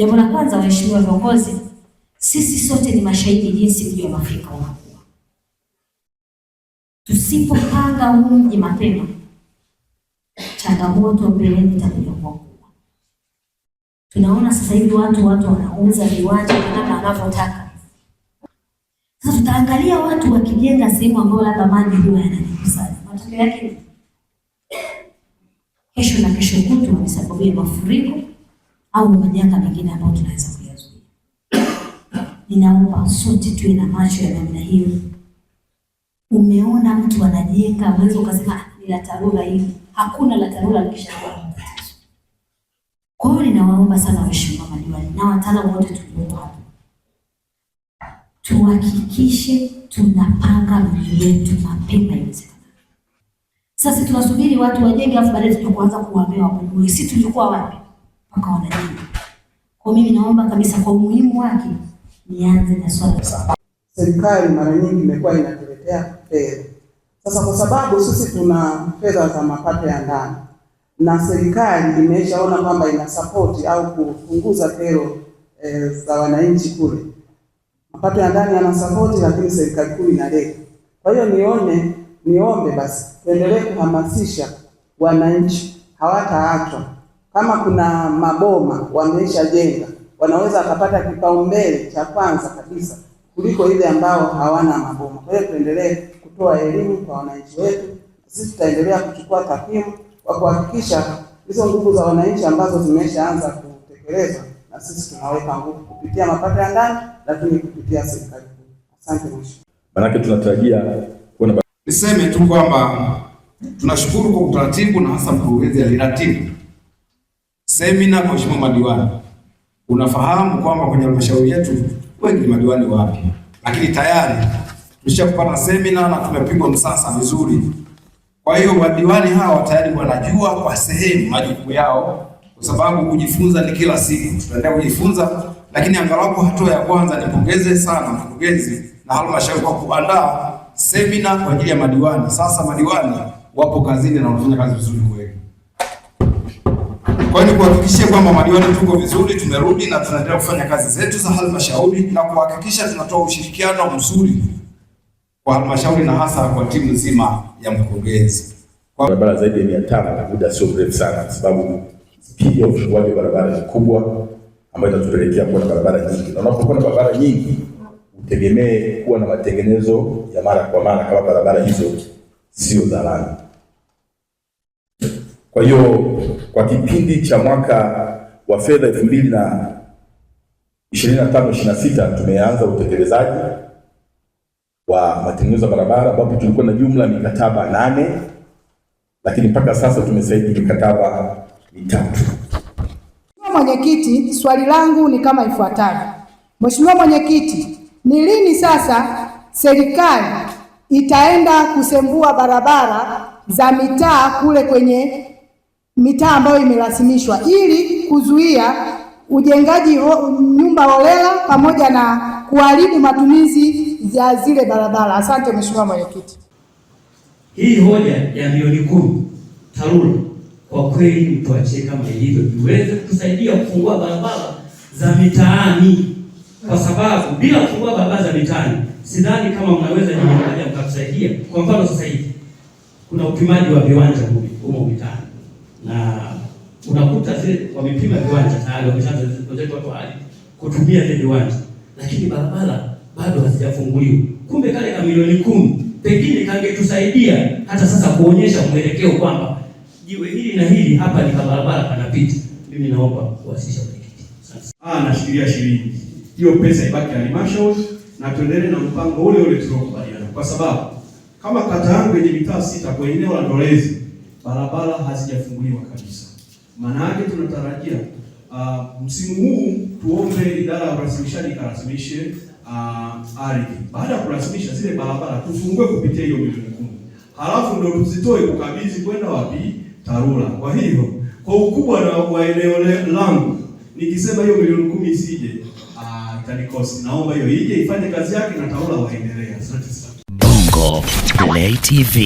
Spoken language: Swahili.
Jambo la kwanza, waheshimiwa viongozi, sisi sote ni mashahidi jinsi mji wa Afrika unakuwa. Tusipopanga huu mji mapema, changamoto mbeleni itakuja kuwa kubwa. Tunaona sasa hivi watu watu wanauza viwanja kama wanavyotaka. Sasa tutaangalia watu wakijenga sehemu ambayo labda maji huwa yanajikusanya, matokeo yake kesho na kesho kutwa wamesababia mafuriko au majanga mengine ambayo tunaweza kuyazuia. Ninaomba sote tuwe na macho ya namna hiyo. Umeona mtu anajenga, unaweza ukasema ah, ni la TARURA hili. Hakuna la TARURA likishakuwa Kwa hiyo ninawaomba sana waheshimiwa madiwani na wataalamu wote tulioko hapa, tuhakikishe tunapanga miji yetu mapema iwezekanavyo. Sasa tunasubiri watu wajenge, afu baadaye tutakuanza kuwaambia wapungue. Sisi tulikuwa wapi? wakaona jibu. Kwa mimi naomba kabisa kwa umuhimu wake nianze na swala. Serikali mara nyingi imekuwa inatuletea fedha. Sasa kwa sababu sisi tuna fedha za mapato ya ndani na serikali imeshaona kwamba ina support au kupunguza kero e, za wananchi kule. Mapato ya ndani yana support, lakini serikali kuu inaleta. Kwa hiyo nione niombe basi tuendelee kuhamasisha wananchi, hawataachwa kama kuna maboma wameshajenga, wanaweza wakapata kipaumbele cha kwanza kabisa kuliko ile ambao hawana maboma. Kwa hiyo tuendelee kutoa elimu kwa wananchi wetu. Sisi tutaendelea kuchukua takwimu kwa kuhakikisha hizo nguvu za wananchi ambazo zimeshaanza kutekelezwa, na sisi tunaweka nguvu kupitia mapato ya ndani, lakini kupitia serikali kuu. Asante mheshimiwa. Maanake tunatarajia kuona. Niseme tu kwamba tunashukuru kwa utaratibu na hasa mkurugenzi aliratibu semina. Kwa mheshimiwa madiwani, unafahamu kwamba kwenye halmashauri yetu wengi ni madiwani wapi, lakini tayari tulishapata semina na tumepigwa msasa vizuri. Kwa hiyo madiwani hawa tayari wanajua kwa sehemu majukumu yao, kwa sababu kujifunza ni kila siku, tutaendelea kujifunza. Lakini angalau hatua ya kwanza, nipongeze sana mkurugenzi na halmashauri kwa kuandaa semina kwa ajili ya madiwani. Sasa madiwani wapo kazini na wanafanya kazi vizuri. Kwa hiyo kuhakikishia kwamba madiwani tuko vizuri, tumerudi na tunaendelea kufanya kazi zetu za halmashauri na kuhakikisha tunatoa ushirikiano mzuri kwa halmashauri na hasa kwa timu nzima ya mkurugenzi. Barabara zaidi ya mia tano muda sio mrefu sana, kwa sababu spidi ufunguaji wa barabara ni kubwa, ambayo itatupelekea kuwa na barabara nyingi, na unapokuwa na barabara nyingi utegemee kuwa na matengenezo ya mara kwa mara kama barabara hizo sio za lami. Kwa hiyo kwa kipindi cha mwaka wa fedha 2025 26 tumeanza utekelezaji wa matengenezo ya barabara ambapo tulikuwa na jumla mikataba nane, lakini mpaka sasa tumesaini mikataba mitatu. Mwenyekiti, swali langu ni kama ifuatavyo. Mheshimiwa Mwenyekiti, ni lini sasa serikali itaenda kusembua barabara za mitaa kule kwenye mitaa ambayo imerasimishwa ili kuzuia ujengaji nyumba holela pamoja na kuharibu matumizi ya zile barabara. Asante Mheshimiwa Mwenyekiti. Hii hoja ya milioni kumi TARURA kwa kweli mtuachie kama ilivyo, iweze kusaidia kufungua barabara za mitaani, kwa sababu bila kufungua barabara za mitaani sidhani kama mnaweza nyinyi mkaja mkatusaidia. Kwa mfano sasa hivi kuna upimaji wa viwanja humo mitaani na unakuta zile wamepima viwanja tayari wameshaanza project watu hali kutumia ile viwanja, lakini barabara bado hazijafunguliwa. Kumbe kale ka milioni kumi pengine kangetusaidia hata sasa kuonyesha mwelekeo kwamba jiwe hili na hili hapa ni barabara panapita. Mimi naomba kuwasisha mwenyekiti Ah, nashikilia shilingi hiyo, pesa ibaki halmashauri na tuendelee na mpango ule ule tuliokubaliana, kwa sababu kama kata yangu yenye mitaa sita kwa eneo la Ndolezi barabara hazijafunguliwa kabisa. Maana yake tunatarajia uh, msimu huu tuombe idara ya urasimishaji ikarasimishe uh, ah, ardhi. Baada ya kurasimisha zile barabara tufungue kupitia hiyo milioni kumi, halafu ndio tuzitoe kukabidhi kwenda wapi? TARURA. Kwa hiyo kwa ukubwa na wa eneo langu nikisema hiyo milioni kumi isije uh, Naomba hiyo ije ifanye kazi yake na TARURA waendelee. Asante sana. Bongo Play TV.